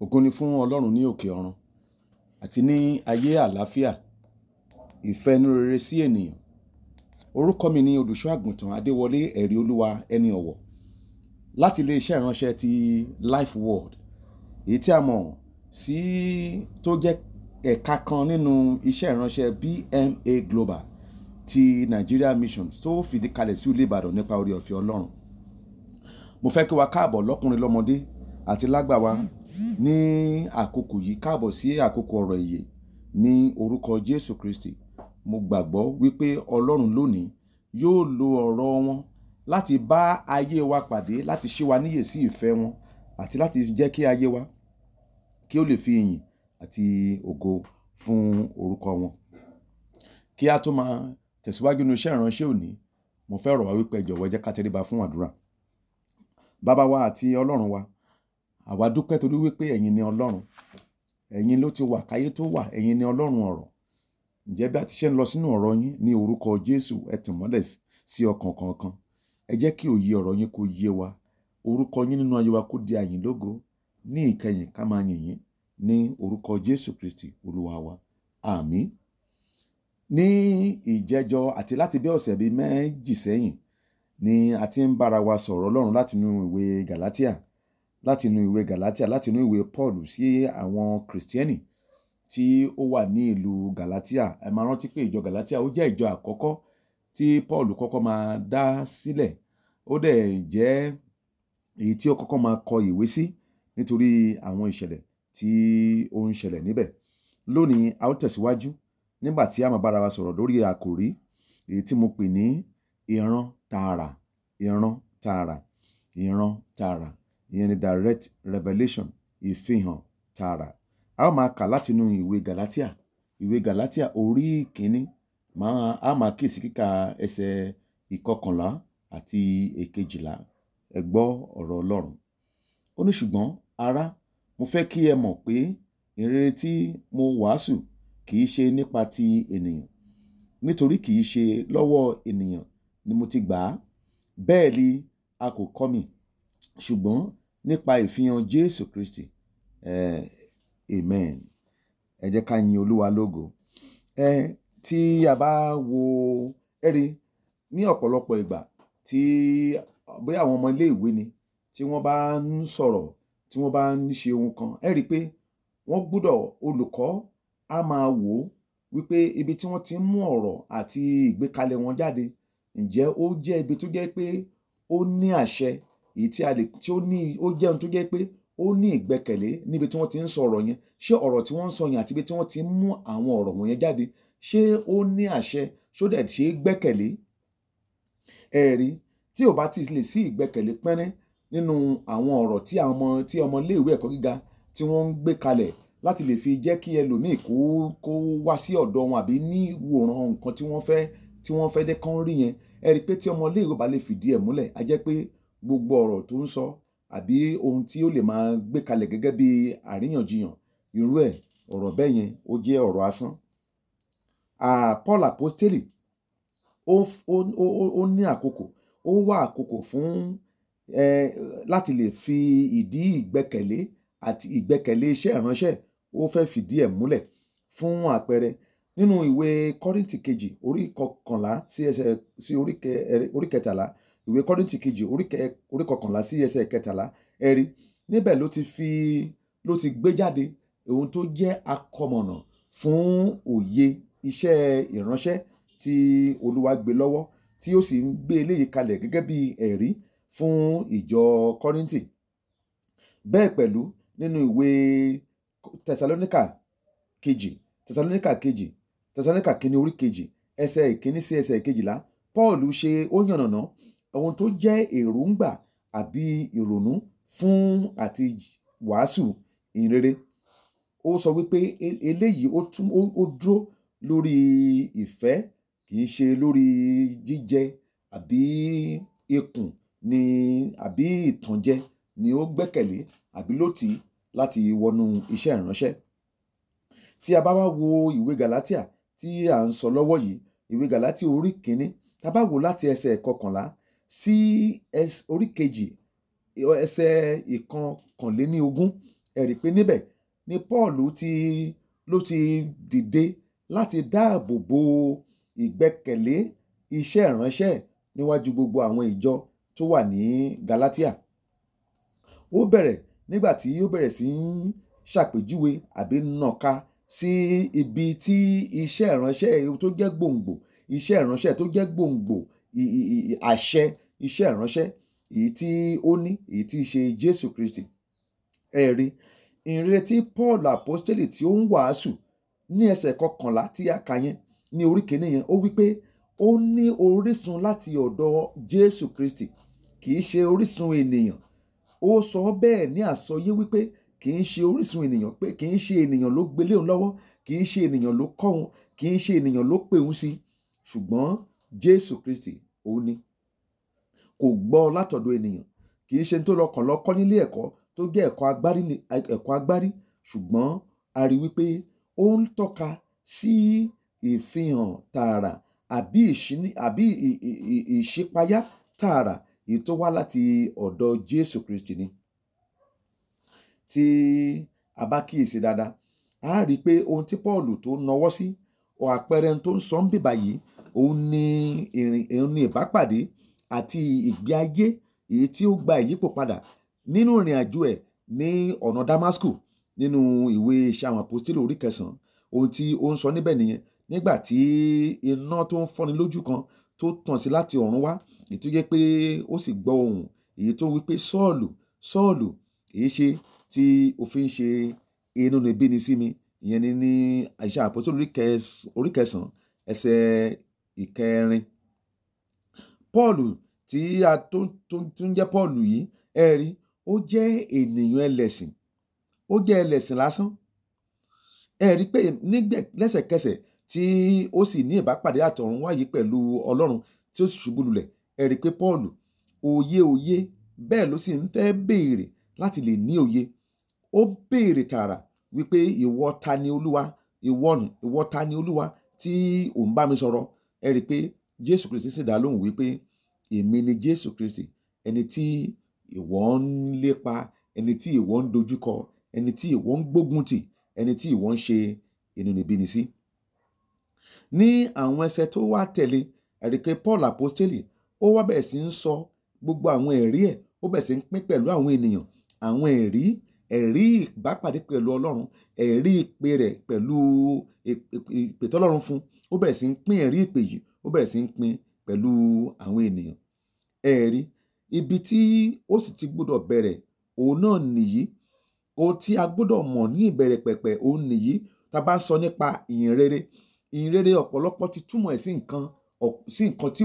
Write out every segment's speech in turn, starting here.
Ògo ni fún Ọlọ́run ní òkè ọ̀run àti ní ayé àlàáfíà ìfẹ́ inú rere sí ènìyàn. Orúkọ mi ni olùṣọ́ àgùntàn Adéwọlé ẹ̀rí olúwa ẹni ọ̀wọ̀ láti iléeṣẹ́ ìránṣẹ́ ti Life World èyí tí a mọ̀ sí tó jẹ́ ẹ̀ka kan nínú iṣẹ́ ìránṣẹ́ BMA Global ti Nigeria Mission tó fìdí kalẹ̀ sí ìlú Ìbàdàn nípa oore ọ̀fẹ́ Ọlọ́run. Mo fẹ́ kí wa káàbọ̀ lọ́kùnrin lọ́mọdé àti lágbàá wa ní àkókò yìí káàbọ̀ sí àkókò ọ̀rọ̀ ìyè ní orúkọ Jésù Kristi mo gbàgbọ́ wípé Ọlọ́run lónìí yóò lo ọ̀rọ̀ wọn láti bá ayé wa pàdé láti ṣí wa níyè sí ìfẹ́ wọn àti láti jẹ́ kí ayé wa kí ó lè fi ìyìn àti ògo fún orúkọ wọn kí a tó máa tẹ̀síwájú nínú iṣẹ́ ìránṣẹ́ òní mo fẹ́ rọ̀ wá wípé ẹ jọ̀wọ́ jẹ́ ká fún àdúrà bàbá wa àti Ọlọ́run wa àwa dúpẹ́ torí wípé ẹ̀yin ni ọlọ́run ẹ̀yin ló ti wà káyé tó wà ẹ̀yin ni ọlọ́run ọ̀rọ̀ ǹjẹ́ bí a ti ṣe ń lọ sínú ọ̀rọ̀ yín ní orúkọ jésù ẹ tì mọ́lẹ̀ sí ọkàn kọ̀ọ̀kan ẹ jẹ́ kí òye ọ̀rọ̀ yín kó yé wa orúkọ yín nínú ayé wa kó di àyìn lógo ní ìkẹyìn ká máa yìn yín ní orúkọ jésù kristi olúwa wa àmín ní ìjẹjọ àti láti bí ọ̀sẹ̀ bíi méjì sẹ́yìn ni a ti ń bára wa sọ̀rọ̀ ọlọ́run látinú ìwé gàlátíà láti inú ìwé Galatia, láti inú ìwé Paul sí àwọn Kìrìsìtẹ́nì tí ó wà ní ìlú Galatia. Ẹ máa rántí pé ìjọ Galatia ó jẹ́ ìjọ àkọ́kọ́ tí Paul kọ́kọ́ máa dá sílẹ̀. Ó dẹ̀ jẹ́ èyí tí ó kọ́kọ́ máa kọ ìwé sí nítorí àwọn ìṣẹ̀lẹ̀ tí ó ń ṣẹlẹ̀ níbẹ̀. Lónìí, a ó tẹ̀síwájú nígbà tí a máa bára wa sọ̀rọ̀ lórí àkòrí èyí tí mo pè ní ìran tààrà, ìran tààrà, ìran tààrà ìyẹn ni direct revelation ìfihàn tààrà a ó máa kà látinú ìwé Galatia ìwé Galatia orí kìíní máa a máa kíyèsí kíka ẹsẹ̀ ìkọkànlá àti èkejìlá ẹ gbọ́ ọ̀rọ̀ Ọlọ́run ó ní ṣùgbọ́n ará mo fẹ́ kí ẹ mọ̀ pé ìrere tí mo wàásù kì í ṣe nípa ti ènìyàn nítorí kì í ṣe lọ́wọ́ ènìyàn ni mo ti gbà á bẹ́ẹ̀ ni a kò kọ́ mi ṣùgbọ́n nípa ìfihàn Jésù Kristi eh, amen ẹ jẹ́ ká yin Olúwa lógo eh, tí a bá wo ẹ̀rí ní ọ̀pọ̀lọpọ̀ ìgbà tí bóyá àwọn ọmọ iléèwé ni tí wọ́n bá ń sọ̀rọ̀ tí wọ́n bá ń ṣe ohun kan ẹ rí i pé wọ́n gbọ́dọ̀ olùkọ́ á máa wò ó wípé ibi tí wọ́n ti ń mú ọ̀rọ̀ àti ìgbékalẹ̀ wọn jáde ǹjẹ́ ó jẹ́ ibi tó jẹ́ pé ó ní àṣẹ èyí tí a lè tí ó ní ó jẹ́ ohun tó jẹ́ pé ó ní ìgbẹ́kẹ̀lé níbi tí wọ́n ti ń sọ ọ̀rọ̀ yẹn ṣé ọ̀rọ̀ tí wọ́n ń sọ yẹn àti ibi tí wọ́n ti ń mú àwọn ọ̀rọ̀ wọ̀nyẹn jáde ṣé ó ní àṣẹ ṣó dẹ̀ ṣe é gbẹ́kẹ̀lé ẹ̀rí tí ò bá ti lè sí ìgbẹ́kẹ̀lé pẹ́rín nínú àwọn ọ̀rọ̀ tí àwọn ọmọ tí ọmọ iléèwé ẹ̀kọ́ gíga tí wọ́n ń gbé kalẹ̀ láti lè fi jẹ́ kí ẹlòmíì kó kó wá sí ọ̀dọ̀ wọn àbí ní wòran nǹkan tí wọ́n fẹ́ tí wọ́n fẹ́ dé rí yẹn ẹ pé tí ọmọ iléèwé bá lè fìdí ẹ̀ múlẹ̀ á jẹ́ pé gbogbo ọ̀rọ̀ tó ń sọ àbí ohun tí ó lè máa gbé kalẹ̀ gẹ́gẹ́ bí àríyànjiyàn irú ẹ̀ ọ̀rọ̀ bẹ́ẹ̀ yẹn ó jẹ́ ọ̀rọ̀ asán. Paul Apostoli ó, ó, ó, ó ní àkókò ó wá àkókò fún ẹ láti lè fi ìdí ìgbẹ́kẹ̀lé àti ìgbẹ́kẹ̀lé iṣẹ́ ìránṣẹ́ ó fẹ́ fìdí ẹ̀ múlẹ̀ fún àpẹẹrẹ nínú ìwé Kọ́ríńtì kejì orí kọkànlá sí orí kẹtàlá ìwé kọ́rìntì kejì orí kọkànlá sí ẹsẹ̀ kẹtàlá ẹ̀rí níbẹ̀ ló ti fi ló ti gbé jáde ohun tó jẹ́ akọmọ̀nà fún òye iṣẹ́ ìránṣẹ́ tí olúwa gbé lọ́wọ́ tí ó sì ń gbé eléyìí kalẹ̀ gẹ́gẹ́ bí ẹ̀rí fún ìjọ kọ́rìntì bẹ́ẹ̀ pẹ̀lú nínú ìwé tẹsalóníkà kejì tẹsalóníkà kejì tẹsalóníkà kínní orí kejì ẹsẹ̀ ìkíní sí ẹsẹ̀ ìkejìlá paul ṣe ó yànnàná ohun tó jẹ́ èròǹgbà àbí ìrònú fún àti wàásù ìhìnrere. Ó sọ wípé e, eléyìí ó tún ó dúró lórí ìfẹ́ kì í ṣe lórí jíjẹ àbí ikùn ni àbí ìtànjẹ ni ó gbẹ́kẹ̀lé àbí ló tì í láti wọnú iṣẹ́ ìránṣẹ́. Tí a bá wá wo ìwé Gàlátíà tí à ń sọ lọ́wọ́ yìí, ìwé Gàlátíà orí kìíní, tí a bá wò láti ẹsẹ̀ kọkànlá sí orí kejì ẹsẹ̀ ìkọkànléníogún ẹ rí pé níbẹ̀ ni Paul ti ló ti dìde láti dáàbò bo ìgbẹ́kẹ̀lé iṣẹ́ ìránṣẹ́ níwájú gbogbo àwọn ìjọ tó wà ní Galatia ó bẹ̀rẹ̀ nígbà tí ó bẹ̀rẹ̀ sí í ṣàpèjúwe àbí nàka sí ibi tí iṣẹ́ ìránṣẹ́ tó jẹ́ gbòǹgbò iṣẹ́ ìránṣẹ́ tó jẹ́ gbòǹgbò àṣẹ iṣẹ́ ìránṣẹ́ èyí tí ó ní èyí tí í ṣe Jésù Kristi ẹ̀rí ìrere tí Paul apostoli tí ó ń wàásù ní ẹsẹ̀ kọkànlá tí a kà yẹn ní orí kìíní yẹn ó wí pé ó ní orísun láti ọ̀dọ̀ Jésù Kristi kì í ṣe orísun ènìyàn ó sọ bẹ́ẹ̀ ní àsọyé wípé kì í ṣe orísun ènìyàn pé kì í ṣe ènìyàn ló gbélé òun lọ́wọ́ kì í ṣe ènìyàn ló kọ́ òun kì í ṣe ènìyàn ló pè òun sí ṣùgbọ́n Jésù Kristi òun ni kò gbọ́ látọ̀dọ̀ ènìyàn kì í ṣe tó lọkàn lọ́kọ́ nílé ẹ̀kọ́ tó jẹ́ ẹ̀kọ́ agbárí ẹ̀kọ́ agbárí ṣùgbọ́n a rí wípé ó ń tọ́ka sí ìfihàn tààrà àbí ìṣíní àbí ìṣípayá tààrà èyí tó wá láti ọ̀dọ̀ Jésù Kristi ni tí a bá kíyèsí dáadáa a rí i pé ohun tí Paul tó ń nawọ́ sí àpẹẹrẹ tó ń sọ ń bìbà yìí òun ni ìrìn òun ni ìbápàdé àti ìgbé ayé èyí tí ó gba ìyípo padà nínú ìrìn àjò ẹ̀ ní ọ̀nà Damasku nínú ìwé iṣẹ́ àwọn àpòstélò orí kẹsàn-án ohun tí ó ń sọ níbẹ̀ nìyẹn nígbà tí iná tó ń fọ́ni lójú kan tó tàn sí láti ọ̀run wá èyí pé ó sì gbọ́ ohùn èyí tó wí pé Sọ́ọ̀lù Sọ́ọ̀lù èyí ṣe tí òfin ṣe inúnibíni sí mi ìyẹn ni ní iṣẹ́ àpòstélò orí kẹsàn-án ẹsẹ̀ ìkẹrin. Paul tí a tó ń jẹ́ Paul yìí, ẹ rí, ó jẹ́ ènìyàn ẹlẹ́sìn, ó jẹ́ ẹlẹ́sìn lásán. Ẹ rí pé nígbẹ̀ lẹ́sẹ̀kẹsẹ̀ tí ó sì ní ìbápàdé àtọ̀run wáyé pẹ̀lú Ọlọ́run tí ó sì ṣubú lulẹ̀. Ẹ rí pé Paul òye òye bẹ́ẹ̀ ló sì ń fẹ́ béèrè láti lè ní òye. Ó béèrè tààrà wípé ìwọ ta ni Olúwa? Ìwọ, ìwọ ta ni Olúwa tí ò ń bá mi sọ̀rọ̀? ẹ rí i pé jésù kristi sì dá lóhùn wípé èmi ni jésù kristi ẹni tí ìwọ ń lépa ẹni tí ìwọ ń dojúkọ ẹni tí ìwọ ń gbógun tì ẹni tí ìwọ ń ṣe inúnibíni sí. ní àwọn ẹsẹ tó wá tẹ̀lé ẹ rí i pé paul apostoli ó wá bẹ̀rẹ̀ sí ń sọ gbogbo àwọn ẹ̀rí ẹ̀ ó bẹ̀rẹ̀ sí ń pín pẹ̀lú àwọn ènìyàn àwọn ẹ̀rí ẹ̀rí ìbápàdé pẹ̀lú ọlọ́run ẹ̀rí ìpè rẹ̀ pẹ̀lú ìpè tọ́lọ́run fún ó bẹ̀rẹ̀ sí ń pín ẹ̀rí ìpè yìí ó bẹ̀rẹ̀ sí ń pín pẹ̀lú àwọn ènìyàn ẹ̀rí ibi tí ó sì ti gbọ́dọ̀ bẹ̀rẹ̀ òun náà nìyí ohun tí a gbọ́dọ̀ mọ̀ ní ìbẹ̀rẹ̀ pẹ̀pẹ̀ òun nìyí tá a bá ń sọ nípa ìyìn rere ìyìn rere ọ̀pọ̀lọpọ̀ ti túmọ̀ ẹ̀ sí nǹkan sí nǹkan tí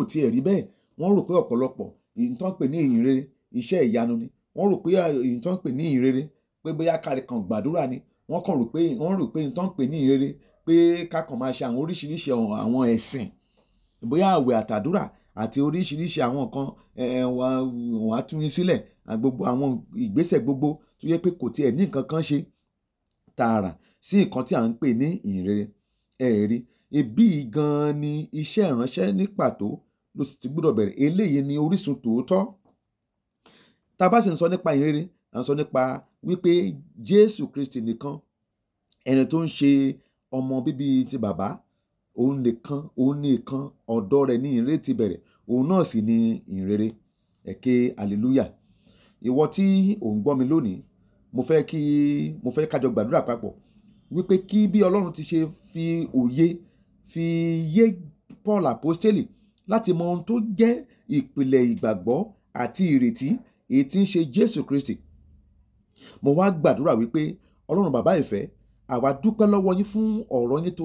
ò tiẹ̀ rí bẹ́ẹ̀ wọ́n rò pé ọ̀pọ̀lọpọ̀ ìtàn pè ní ìyìn rere iṣẹ́ ìyanu ni wọ́n rò pé èyí tó ń pè ní ìrere pé bóyá kárí kan gbàdúrà ni wọ́n kàn rò pé wọ́n rò pé èyí tó ń pè ní ìrere pé kákan máa ṣe àwọn oríṣiríṣi àwọn ẹ̀sìn bóyá àwẹ̀ àtàdúrà àti oríṣiríṣi àwọn nǹkan wàá tún yín sílẹ̀ gbogbo àwọn ìgbésẹ̀ gbogbo tó yẹ pé kò tiẹ̀ ní nǹkan kan ṣe tààrà sí nǹkan tí à ń pè ní ìrere ẹ̀rí ibi gan-an ni iṣẹ́ ìránṣẹ́ ní pàtó ló sì ti gbúdọ̀ bẹ̀rẹ̀ eléyìí ni orísun tòótọ́ tá a bá sì ń sọ nípa ìrere à ń sọ nípa wípé jésù kristi nìkan ẹni tó ń ṣe ọmọ bíbí ti bàbá òun nìkan òun nìkan ọ̀dọ̀ rẹ̀ ní ìrere ti bẹ̀rẹ̀ òun náà sì ni ìrere ẹ̀kẹ́ hallelujah ìwọ tí ò ń gbọ́ mi lónìí mo fẹ́ kí mo fẹ́ kájọ gbàdúrà papọ̀ wípé kí bí ọlọ́run ti ṣe fi òye fi yé paul apostoli láti mọ ohun tó jẹ́ ìpìlẹ̀ ìgbàgbọ́ àti ìrètí èyí tí ń ṣe Jésù Kristi mo wá gbàdúrà wípé Ọlọ́run bàbá ìfẹ́ àwa dúpẹ́ lọ́wọ́ yín fún ọ̀rọ̀ yín tó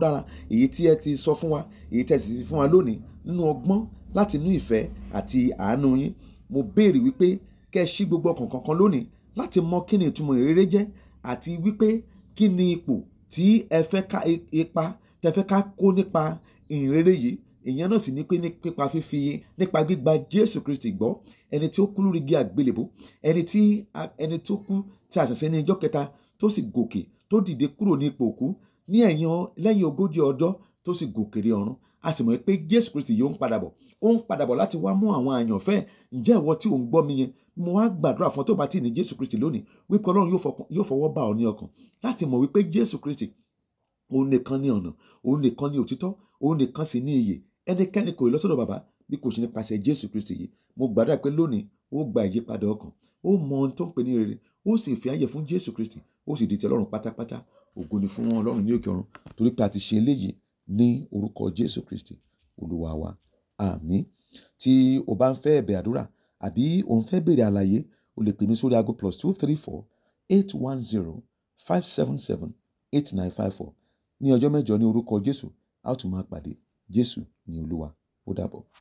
dára èyí tí ẹ ti sọ fún wa èyí tí ẹ sì ti fún wa lónìí nínú ọgbọ́n láti inú ìfẹ́ àti àánú yín mo béèrè wípé kẹ́ ẹ ṣí gbogbo ọkàn kankan lónìí láti mọ kí ni ìtumọ̀ ìrere jẹ́ àti wípé kí ni ipò tí ẹ fẹ́ ká ipa tẹ fẹ́ ká kó nípa ìrere yìí ìyẹn náà sì ní pé nípa fífi nípa gbígba jésù kristi gbọ́ ẹni tí ó kú lórí igi àgbélébó ẹni tí ẹni tó kú tí a ṣẹ̀ṣẹ̀ ní ijọ́ kẹta tó sì gòkè tó dìde kúrò ní ipò òkú ní ẹ̀yìn lẹ́yìn ogójì ọjọ́ tó sì gòkè rí ọ̀run a sì mọ̀ pé jésù kristi yóò ń padà bọ̀ ó ń padà bọ̀ láti wá mú àwọn àyànfẹ́ ǹjẹ́ ìwọ tí ò ń gbọ́ mi yẹn mo wá gbàdúrà fún ọ tó bá ti ní jésù kristi lónìí wípé ọlọ́run yóò fọwọ́ bá ọ ní ọkàn láti mọ̀ wípé jésù kristi òun nìkan ni ọ̀nà òun nìkan ni òtítọ́ òun nìkan sì ni ìyè ẹnikẹ́ni kò lọ sọ́dọ̀ bàbá bí kò ṣe nípasẹ̀ jésù kristi yìí mo gbàdúrà pé lónìí ó gba ìyípadà ọkàn ó mọ ohun tó ń pè ní rere ó sì fi ààyè fún jésù kristi ó sì di ti ọlọ́run pátápátá ògo ni fún wọn ọlọ́run ní òkè ọ̀run torí pé a ti ṣe eléyìí ní orúkọ jésù kristi olúwa wa àmín tí o bá ń fẹ́ ẹ̀bẹ̀ àdúrà àbí o ń fẹ́ béèrè àlàyé o lè pè mí sórí aago plus two three four eight one zero five seven seven eight nine five four ní ọjọ́ mẹ́jọ ní orúkọ jésù a ó tún máa pàdé Jésù ni Olúwa. Ó dàbọ̀.